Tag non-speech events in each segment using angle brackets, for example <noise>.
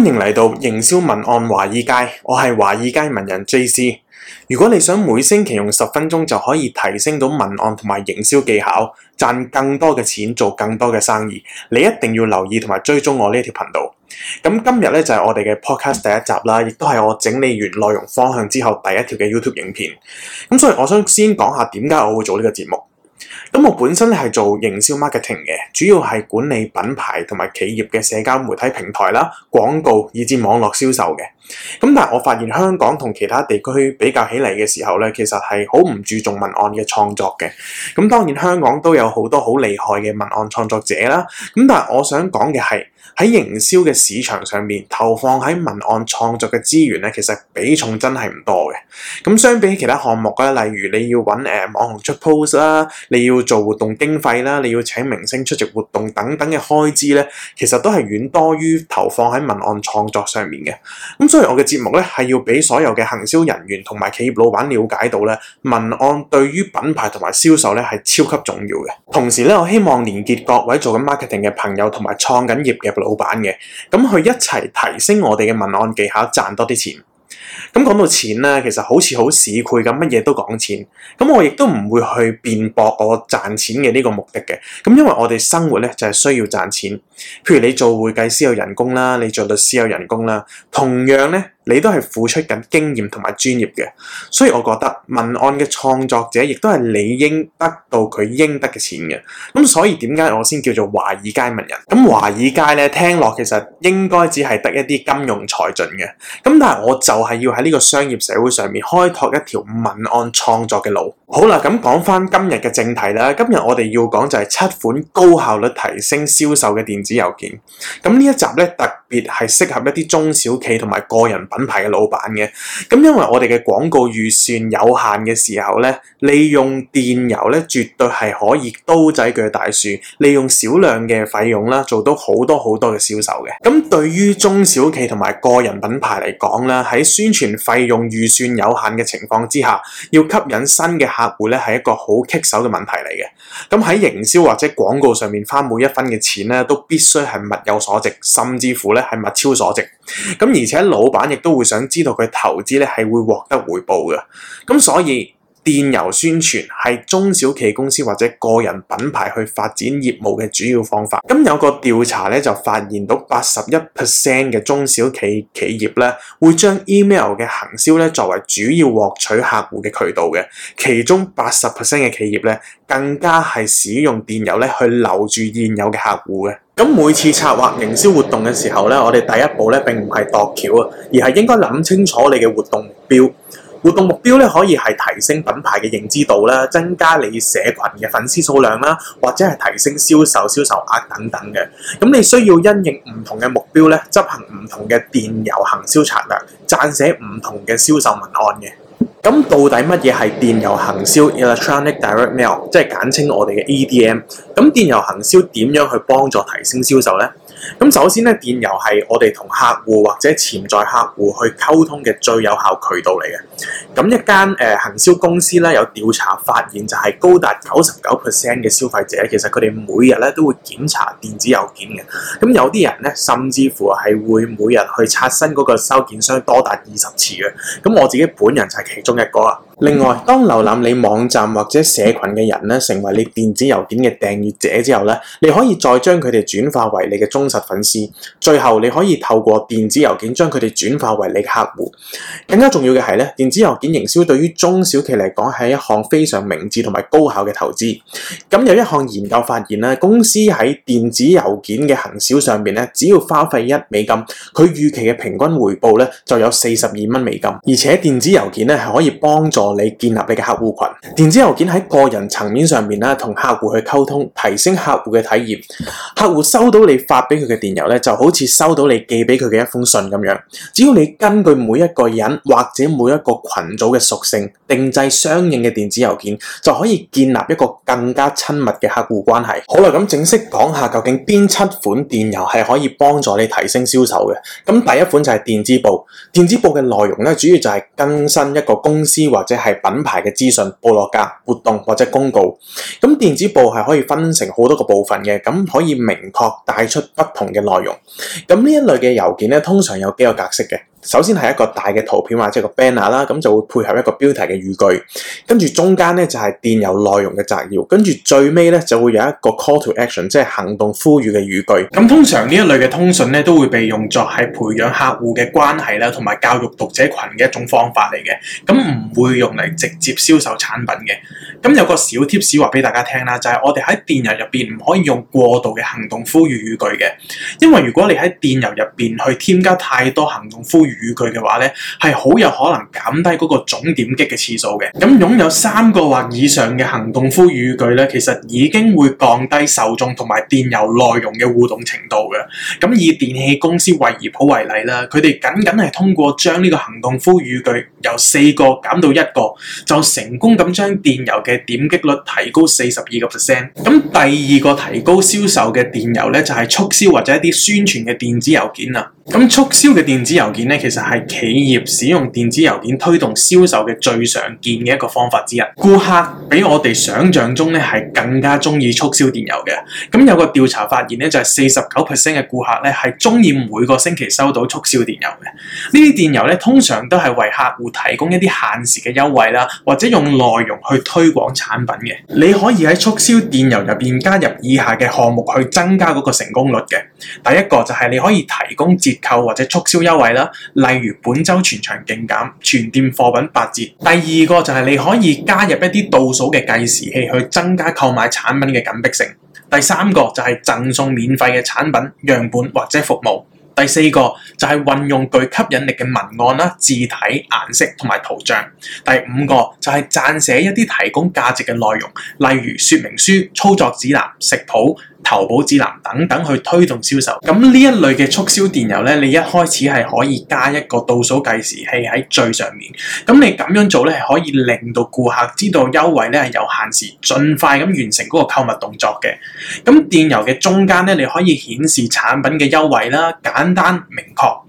歡迎嚟到營銷文案華爾街，我係華爾街文人 JC。如果你想每星期用十分鐘就可以提升到文案同埋營銷技巧，賺更多嘅錢做更多嘅生意，你一定要留意同埋追蹤我呢一條頻道。咁今日咧就係、是、我哋嘅 podcast 第一集啦，亦都係我整理完內容方向之後第一條嘅 YouTube 影片。咁所以我想先講下點解我會做呢個節目。咁我本身咧係做營銷 marketing 嘅，主要係管理品牌同埋企業嘅社交媒體平台啦、廣告以至網絡銷售嘅。咁但係我發現香港同其他地區比較起嚟嘅時候咧，其實係好唔注重文案嘅創作嘅。咁當然香港都有好多好厲害嘅文案創作者啦。咁但係我想講嘅係，喺營銷嘅市場上面投放喺文案創作嘅資源咧，其實比重真係唔多嘅。咁相比起其他項目咧，例如你要揾誒、呃、網紅出 post 啦，你要做活動經費啦，你要請明星出席活動等等嘅開支咧，其實都係遠多於投放喺文案創作上面嘅。咁所以，我嘅節目咧係要俾所有嘅行銷人員同埋企業老闆了解到咧，文案對於品牌同埋銷售咧係超級重要嘅。同時咧，我希望連結各位做緊 marketing 嘅朋友同埋創緊業嘅。老闆嘅，咁去一齊提升我哋嘅文案技巧，賺多啲錢。咁講到錢咧，其實好似好市儈咁，乜嘢都講錢。咁我亦都唔會去辯駁我賺錢嘅呢個目的嘅。咁因為我哋生活咧就係需要賺錢。譬如你做會計師有人工啦，你做律師有人工啦，同樣咧。你都係付出緊經驗同埋專業嘅，所以我覺得文案嘅創作者亦都係理應得到佢應得嘅錢嘅。咁所以點解我先叫做華爾街文人？咁華爾街咧聽落其實應該只係得一啲金融才俊嘅，咁但係我就係要喺呢個商業社會上面開拓一條文案創作嘅路。好啦，咁講翻今日嘅正題啦。今日我哋要講就係七款高效率提升銷售嘅電子郵件。咁，嗯，呢一集咧特別係適合一啲中小企同埋個人品牌嘅老闆嘅。咁，嗯，因為我哋嘅廣告預算有限嘅時候咧，利用電郵咧絕對係可以刀仔鋸大樹，利用少量嘅費用啦，做到好多好多嘅銷售嘅。咁，嗯，對於中小企同埋個人品牌嚟講咧，喺宣傳費用預算有限嘅情況之下，要吸引新嘅客客戶咧係一個好棘手嘅問題嚟嘅，咁喺營銷或者廣告上面花每一分嘅錢咧，都必須係物有所值，甚至乎咧係物超所值。咁而且老闆亦都會想知道佢投資咧係會獲得回報嘅，咁所以。電郵宣傳係中小企公司或者個人品牌去發展業務嘅主要方法。咁有個調查咧就發現到八十一 percent 嘅中小企企業咧會將 email 嘅行銷咧作為主要獲取客戶嘅渠道嘅，其中八十 percent 嘅企業咧更加係使用電郵咧去留住現有嘅客戶嘅。咁每次策劃營銷活動嘅時候咧，我哋第一步咧並唔係度橋啊，而係應該諗清楚你嘅活動目標。活動目標咧可以係提升品牌嘅認知度啦，增加你社群嘅粉絲數量啦，或者係提升銷售銷售額等等嘅。咁你需要因應唔同嘅目標咧，執行唔同嘅電郵行銷策略，撰寫唔同嘅銷售文案嘅。咁 <laughs> 到底乜嘢係電郵行銷 （Electronic Direct Mail），即係簡稱我哋嘅 EDM？咁電郵行銷點樣去幫助提升銷售咧？咁首先咧，電郵係我哋同客戶或者潛在客戶去溝通嘅最有效渠道嚟嘅。咁一間誒、呃、行銷公司咧，有調查發現就係高達九十九 percent 嘅消費者，其實佢哋每日咧都會檢查電子郵件嘅。咁有啲人咧，甚至乎係會每日去刷新嗰個收件箱多達二十次嘅。咁我自己本人就係其中一個喇。另外，當瀏覽你網站或者社群嘅人咧，成為你電子郵件嘅訂閱者之後咧，你可以再將佢哋轉化為你嘅忠實粉絲。最後，你可以透過電子郵件將佢哋轉化為你嘅客戶。更加重要嘅係咧，電子郵件營銷對於中小企嚟講係一項非常明智同埋高效嘅投資。咁有一項研究發現咧，公司喺電子郵件嘅行銷上面咧，只要花費一美金，佢預期嘅平均回報咧就有四十二蚊美金，而且電子郵件咧係可以幫助你建立你嘅客戶群，電子郵件喺個人層面上面咧同客戶去溝通，提升客戶嘅體驗。客戶收到你發俾佢嘅電郵咧，就好似收到你寄俾佢嘅一封信咁樣。只要你根據每一個人或者每一個群組嘅屬性，定製相應嘅電子郵件，就可以建立一個更加親密嘅客戶關係。好啦，咁正式講下，究竟邊七款電郵係可以幫助你提升銷售嘅？咁第一款就係電子報。電子報嘅內容咧，主要就係更新一個公司或者。係品牌嘅資訊、部落格、活動或者公告，咁電子報係可以分成好多個部分嘅，咁可以明確帶出不同嘅內容。咁呢一類嘅郵件咧，通常有幾個格式嘅。首先係一個大嘅圖片或者個 banner 啦，咁就會配合一個標題嘅語句，跟住中間咧就係電郵內容嘅摘要，跟住最尾咧就會有一個 call to action，即係行動呼籲嘅語句。咁通常呢一類嘅通訊咧都會被用作係培養客戶嘅關係啦，同埋教育讀者群嘅一種方法嚟嘅，咁唔會用嚟直接銷售產品嘅。咁有個小貼士話俾大家聽啦，就係我哋喺電郵入邊唔可以用過度嘅行動呼籲語句嘅，因為如果你喺電郵入邊去添加太多行動呼籲。語句嘅話咧，係好有可能減低嗰個總點擊嘅次數嘅。咁擁有三個或以上嘅行動呼語句咧，其實已經會降低受眾同埋電郵內容嘅互動程度嘅。咁以電器公司惠而浦為例啦，佢哋僅僅係通過將呢個行動呼語句由四個減到一個，就成功咁將電郵嘅點擊率提高四十二個 percent。咁第二個提高銷售嘅電郵咧，就係促銷或者一啲宣傳嘅電子郵件啊。咁促銷嘅電子郵件咧，其實係企業使用電子郵件推動銷售嘅最常見嘅一個方法之一。顧客比我哋想象中咧係更加中意促銷電郵嘅。咁有個調查發現咧，就係四十九 percent 嘅顧客咧係中意每個星期收到促銷電郵嘅。郵呢啲電郵咧通常都係為客戶提供一啲限時嘅優惠啦，或者用內容去推廣產品嘅。你可以喺促銷電郵入邊加入以下嘅項目去增加嗰個成功率嘅。第一個就係你可以提供折購或者促銷優惠啦，例如本周全場勁減，全店貨品八折。第二個就係你可以加入一啲倒數嘅計時器，去增加購買產品嘅緊迫性。第三個就係贈送免費嘅產品樣本或者服務。第四個就係運用具吸引力嘅文案啦、字體、顏色同埋圖像。第五個就係撰寫一啲提供價值嘅內容，例如說明書、操作指南、食譜。投保指南等等去推動銷售，咁呢一類嘅促銷電郵咧，你一開始係可以加一個倒數計時器喺最上面，咁你咁樣做咧係可以令到顧客知道優惠咧係有限時，盡快咁完成嗰個購物動作嘅。咁電郵嘅中間咧，你可以顯示產品嘅優惠啦，簡單明確。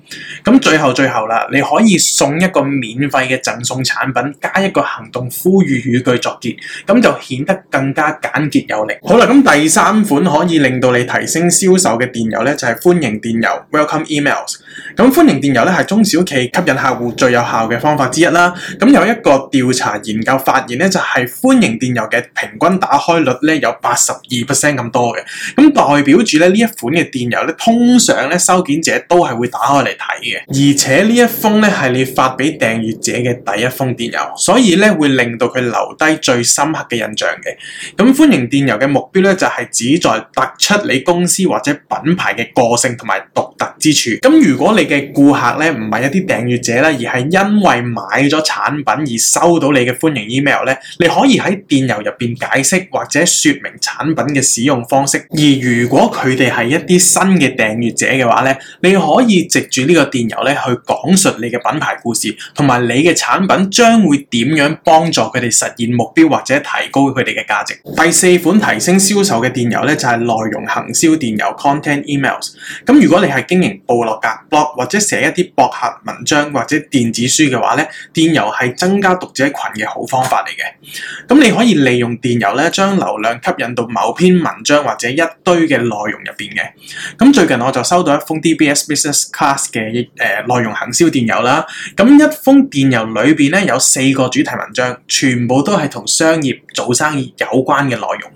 咁最後最後啦，你可以送一個免費嘅贈送產品，加一個行動呼籲語句作結，咁就顯得更加簡潔有力。好啦，咁第三款可以令到你提升銷售嘅電郵咧，就係、是、歡迎電郵 （Welcome Emails）。咁歡迎電郵咧係中小企吸引客戶最有效嘅方法之一啦。咁有一個調查研究發現咧，就係、是、歡迎電郵嘅平均打開率咧有八十二 percent 咁多嘅，咁代表住咧呢一款嘅電郵咧，通常咧收件者都係會打開嚟睇嘅，而且呢一封咧係你發俾訂閱者嘅第一封電郵，所以咧會令到佢留低最深刻嘅印象嘅。咁歡迎電郵嘅目標咧就係旨在突出你公司或者品牌嘅個性同埋獨特之處。咁如果你嘅顧客咧唔係一啲訂閱者咧，而係因為買咗產品而收到你嘅歡迎 email 咧，你可以喺電郵入邊解釋或者說明產品嘅使用方式。而如果佢哋係一啲新嘅訂閱者嘅話咧，你可以直接。呢個電郵咧，去講述你嘅品牌故事，同埋你嘅產品將會點樣幫助佢哋實現目標或者提高佢哋嘅價值。第四款提升銷售嘅電郵咧，就係內容行銷電郵 （content emails）。咁如果你係經營部落格、blog 或者寫一啲博客文章或者電子書嘅話咧，電郵係增加讀者群嘅好方法嚟嘅。咁你可以利用電郵咧，將流量吸引到某篇文章或者一堆嘅內容入邊嘅。咁最近我就收到一封 DBS Business Class 嘅誒內容行銷電郵啦，咁一封電郵裏邊咧，有四個主題文章，全部都係同商業做生意有關嘅內容。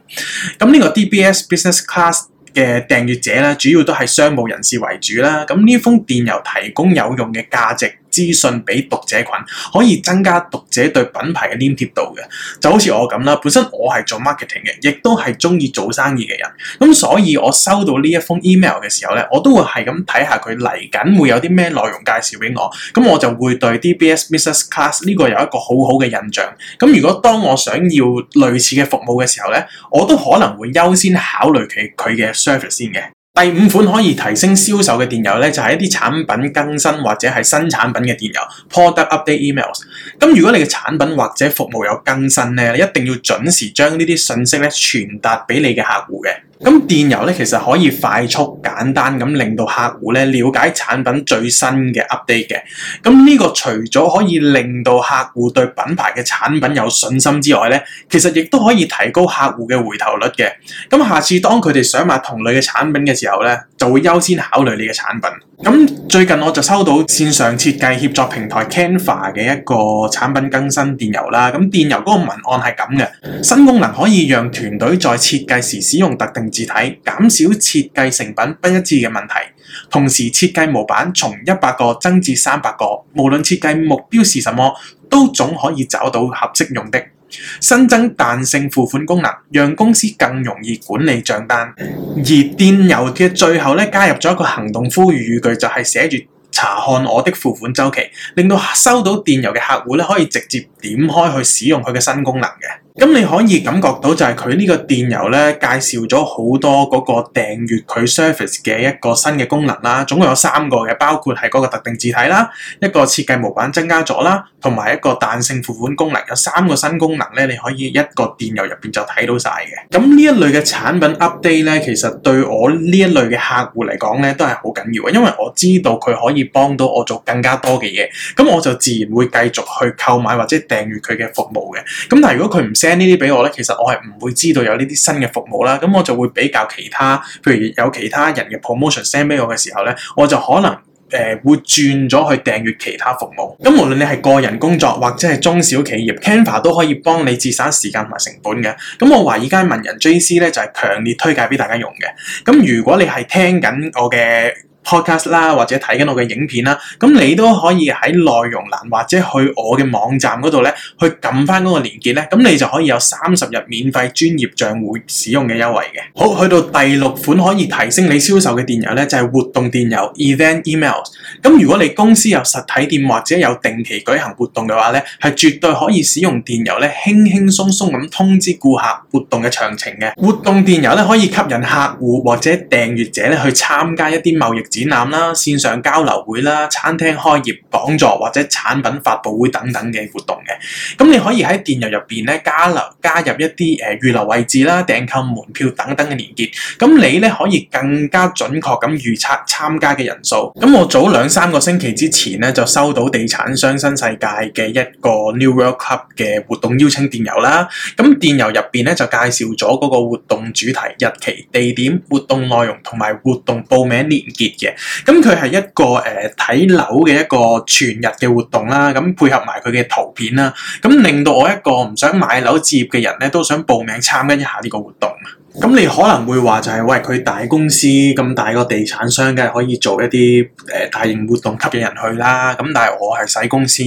咁呢個 DBS Business Class 嘅訂閱者咧，主要都係商務人士為主啦。咁呢封電郵提供有用嘅價值。資訊俾讀者群，可以增加讀者對品牌嘅黏貼度嘅。就好似我咁啦，本身我係做 marketing 嘅，亦都係中意做生意嘅人。咁所以，我收到呢一封 email 嘅時候咧，我都會係咁睇下佢嚟緊會有啲咩內容介紹俾我。咁我就會對 DBS Mrs Class 呢個有一個好好嘅印象。咁如果當我想要類似嘅服務嘅時候咧，我都可能會優先考慮佢佢嘅 service 先嘅。第五款可以提升銷售嘅電郵咧，就係一啲產品更新或者係新產品嘅電郵，Product Update Emails。咁如果你嘅產品或者服務有更新咧，一定要準時將呢啲信息咧傳達俾你嘅客戶嘅。咁電郵咧，其實可以快速簡單咁令到客戶咧了解產品最新嘅 update 嘅。咁呢個除咗可以令到客戶對品牌嘅產品有信心之外咧，其實亦都可以提高客戶嘅回頭率嘅。咁下次當佢哋想買同類嘅產品嘅時候咧，就會優先考慮你嘅產品。咁最近我就收到線上設計協助平台 Canva 嘅一個產品更新電郵啦。咁電郵嗰個文案係咁嘅：新功能可以讓團隊在設計時使用特定字體，減少設計成品不一致嘅問題。同時設計模板從一百個增至三百個，無論設計目標是什麼，都總可以找到合適用的。新增彈性付款功能，讓公司更容易管理賬單。而電郵嘅最後咧，加入咗一個行動呼籲語句，就係寫住查看我的付款周期，令到收到電郵嘅客戶咧，可以直接點開去使用佢嘅新功能嘅。咁你可以感覺到就係佢呢個電郵咧，介紹咗好多嗰個訂閱佢 service 嘅一個新嘅功能啦，總共有三個嘅，包括係嗰個特定字體啦，一個設計模板增加咗啦，同埋一個彈性付款功能，有三個新功能咧，你可以一個電郵入邊就睇到晒嘅。咁呢一類嘅產品 update 咧，其實對我呢一類嘅客戶嚟講咧都係好緊要嘅，因為我知道佢可以幫到我做更加多嘅嘢，咁我就自然會繼續去購買或者訂閱佢嘅服務嘅。咁但係如果佢唔，send 呢啲俾我咧，其實我係唔會知道有呢啲新嘅服務啦，咁我就會比較其他，譬如有其他人嘅 promotion send 俾我嘅時候咧，我就可能誒、呃、會轉咗去訂閲其他服務。咁無論你係個人工作或者係中小企業，Canva 都可以幫你節省時間同埋成本嘅。咁我話而家文人 JC 咧就係、是、強烈推介俾大家用嘅。咁如果你係聽緊我嘅，Podcast 啦，或者睇緊我嘅影片啦，咁你都可以喺內容欄或者去我嘅網站嗰度咧，去撳翻嗰個連結咧，咁你就可以有三十日免費專業賬戶使用嘅優惠嘅。好，去到第六款可以提升你銷售嘅電郵咧，就係活動電郵 （event emails）。咁如果你公司有實體店或者有定期舉行活動嘅話咧，係絕對可以使用電郵咧，輕輕鬆鬆咁通知顧客活動嘅詳情嘅。活動電郵咧可以吸引客戶或者訂閱者咧去參加一啲貿易展覽啦、線上交流會啦、餐廳開業講座或者產品發布會等等嘅活動嘅，咁你可以喺電郵入邊咧加留加入一啲誒預留位置啦、訂購門票等等嘅連結，咁你咧可以更加準確咁預測參加嘅人數。咁我早兩三個星期之前咧就收到地產商新世界嘅一個 New World Club 嘅活動邀請電郵啦，咁電郵入邊咧就介紹咗嗰個活動主題、日期、地點、活動內容同埋活動報名連結。咁佢係一個誒睇、呃、樓嘅一個全日嘅活動啦，咁、啊、配合埋佢嘅圖片啦，咁、啊、令到我一個唔想買樓置業嘅人咧，都想報名參加一下呢個活動。咁你可能會話就係、是、喂，佢大公司咁大個地產商梗係可以做一啲誒、呃、大型活動吸引人去啦，咁但係我係細公司，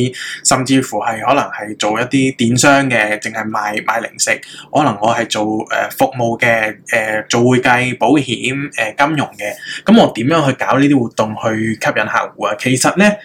甚至乎係可能係做一啲電商嘅，淨係賣賣零食，可能我係做誒、呃、服務嘅，誒、呃、做會計、保險、誒、呃、金融嘅，咁我點樣去搞呢啲活動去吸引客戶啊？其實咧。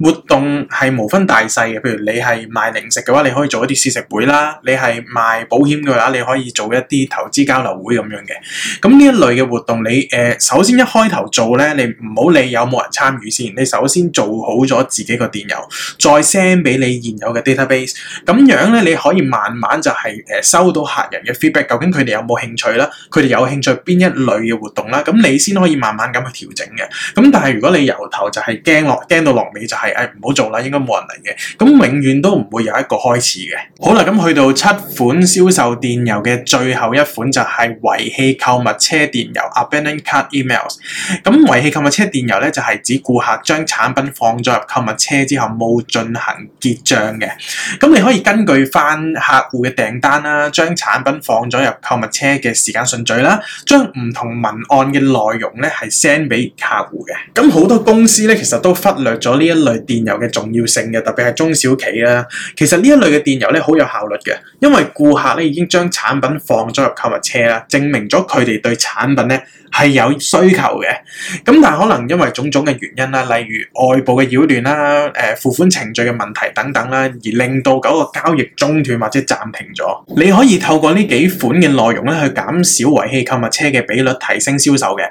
活動係無分大細嘅，譬如你係賣零食嘅話，你可以做一啲試食會啦；你係賣保險嘅話，你可以做一啲投資交流會咁樣嘅。咁、嗯、呢一類嘅活動，你誒、呃、首先一開頭做咧，你唔好理有冇人參與先。你首先做好咗自己個電郵，再 send 俾你現有嘅 database。咁樣咧，你可以慢慢就係、是、誒、呃、收到客人嘅 feedback，究竟佢哋有冇興趣啦，佢哋有興趣邊一類嘅活動啦，咁、嗯、你先可以慢慢咁去調整嘅。咁、嗯、但係如果你由頭就係驚落，驚到落尾就係、是。誒，唔好、哎、做啦，應該冇人嚟嘅。咁永遠都唔會有一個開始嘅。好啦，咁去到七款銷售電郵嘅最後一款就係遺棄購物車電郵 a b a n d o n cart emails）。咁遺棄購物車電郵咧就係、是、指顧客將產品放咗入購物車之後冇進行結賬嘅。咁你可以根據翻客戶嘅訂單啦，將產品放咗入購物車嘅時間順序啦，將唔同文案嘅內容咧係 send 俾客戶嘅。咁好多公司咧其實都忽略咗呢一類。電郵嘅重要性嘅，特別係中小企啦。其實呢一類嘅電郵咧好有效率嘅，因為顧客咧已經將產品放咗入購物車啦，證明咗佢哋對產品咧係有需求嘅。咁但可能因為種種嘅原因啦，例如外部嘅擾亂啦、誒付款程序嘅問題等等啦，而令到嗰個交易中斷或者暫停咗。你可以透過呢幾款嘅內容咧去減少遺棄購物車嘅比率，提升銷售嘅。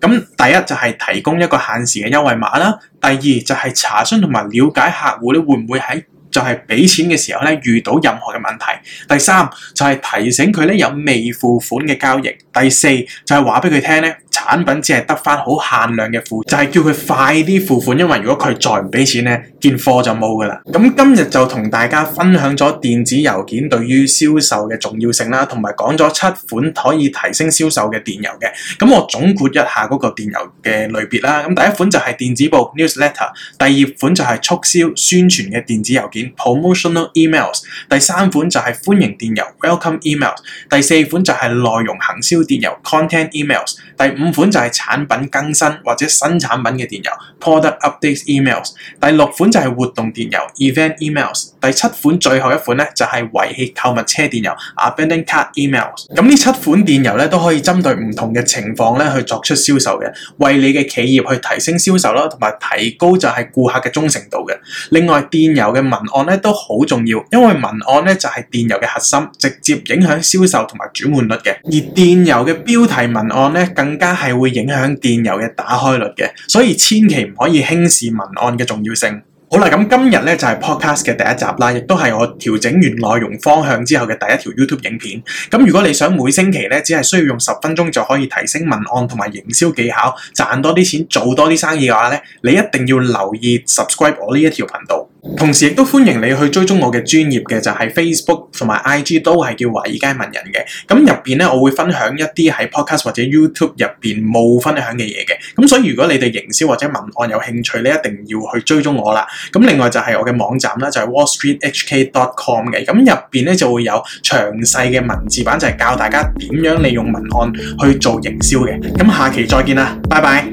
咁第一就係提供一個限時嘅優惠碼啦。第二就係、是、查詢同埋了解客戶咧會唔會喺就係俾錢嘅時候遇到任何嘅問題。第三就係、是、提醒佢有未付款嘅交易。第四就係話俾佢聽咧，產品只係得返好限量嘅款，就係叫佢快啲付款，因為如果佢再唔俾錢咧，件貨就冇噶啦。咁今日就同大家分享咗電子郵件對於銷售嘅重要性啦，同埋講咗七款可以提升銷售嘅電郵嘅。咁我總括一下個電郵嘅類別啦。咁第一款就係電子報 newsletter，第二款就係促銷宣傳嘅電子郵件 promotional emails，第三款就係歡迎電郵 welcome emails，第四款就係內容行銷。電郵 content emails，第五款就係產品更新或者新產品嘅電郵 product updates emails。第六款就係活動電郵 event emails。第七款最後一款咧就係遺棄購物車電郵 abandon cart emails。咁呢七款電郵咧都可以針對唔同嘅情況咧去作出銷售嘅，為你嘅企業去提升銷售啦，同埋提高就係顧客嘅忠誠度嘅。另外電郵嘅文案咧都好重要，因為文案咧就係電郵嘅核心，直接影響銷售同埋轉換率嘅。而電有嘅標題文案咧，更加係會影響電郵嘅打開率嘅，所以千祈唔可以輕視文案嘅重要性。好啦，咁今日咧就係 podcast 嘅第一集啦，亦都係我調整完內容方向之後嘅第一條 YouTube 影片。咁如果你想每星期咧，只係需要用十分鐘就可以提升文案同埋營銷技巧，賺多啲錢，做多啲生意嘅話咧，你一定要留意 subscribe 我呢一條頻道。同時亦都歡迎你去追蹤我嘅專頁嘅，就係、是、Facebook 同埋 IG 都係叫華爾街文人嘅。咁入邊咧，我會分享一啲喺 Podcast 或者 YouTube 入邊冇分享嘅嘢嘅。咁所以如果你對營銷或者文案有興趣，你一定要去追蹤我啦。咁另外就係我嘅網站啦，就係、是、WallStreetHK.com 嘅。咁入邊咧就會有詳細嘅文字版，就係、是、教大家點樣利用文案去做營銷嘅。咁下期再見啦，拜拜。